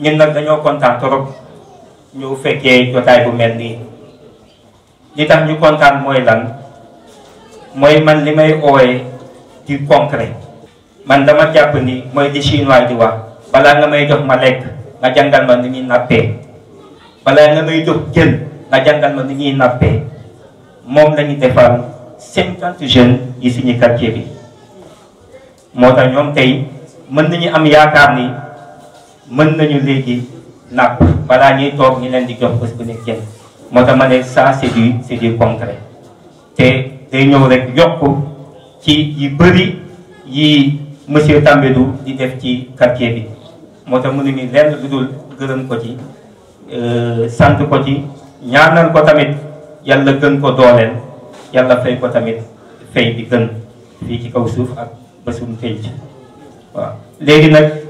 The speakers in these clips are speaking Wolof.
ñun nag dañoo kontaan trop ñu fekkee jotaay bu mel nii li tax ñu kontaan mooy lan mooy man li may ooyee du concret man dama jàpp ni mooy li chinois di wax balaa nga may jox ma lekk nga jàngal ma ni ñuy nappee balaa nga may jox jën nga jàngal ma ni ñuy nappee moom la ñu defar cinquante jeunes yi suñu quartier bi moo tax ñoom tey mën nañu am yaakaar ni mën nañu léegi nag balaa ñuy toog ñu leen di jox bés bu nekk jën moo tax ma ne ça c'est du c'est du concret te day ñëw rek yokk ci yu bëri yi monsieur Tambédou di def ci quartier bi moo tax mënuñu lenn lu dul gërëm ko ci euh, sant ko ci ñaanal ko tamit yàlla gën ko dooleel yàlla fay ko tamit fay bi gën fii ci kaw suuf ak bésum pénc waaw léegi nag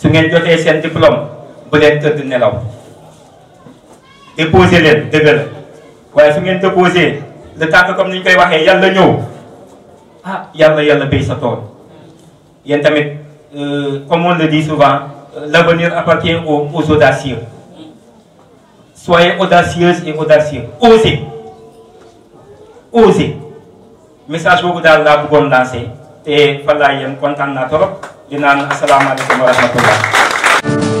su ngeen jotee seen diplôme bu leen tëdd nelaw déposé leen dëgg waaye su ngeen déposé le temps comme ni ñu koy waxee yàlla ñëw ah yàlla yàlla béy sa tool yéen tamit euh, comme on le dit souvent euh, l'avenir appartient aux aux audacieux soyez audacieuse et audacieux osez message boobu daal laa bëggoon lancé te fan laa yem kontaan naa trop di naan asalaamaaleykum wa rahmatullah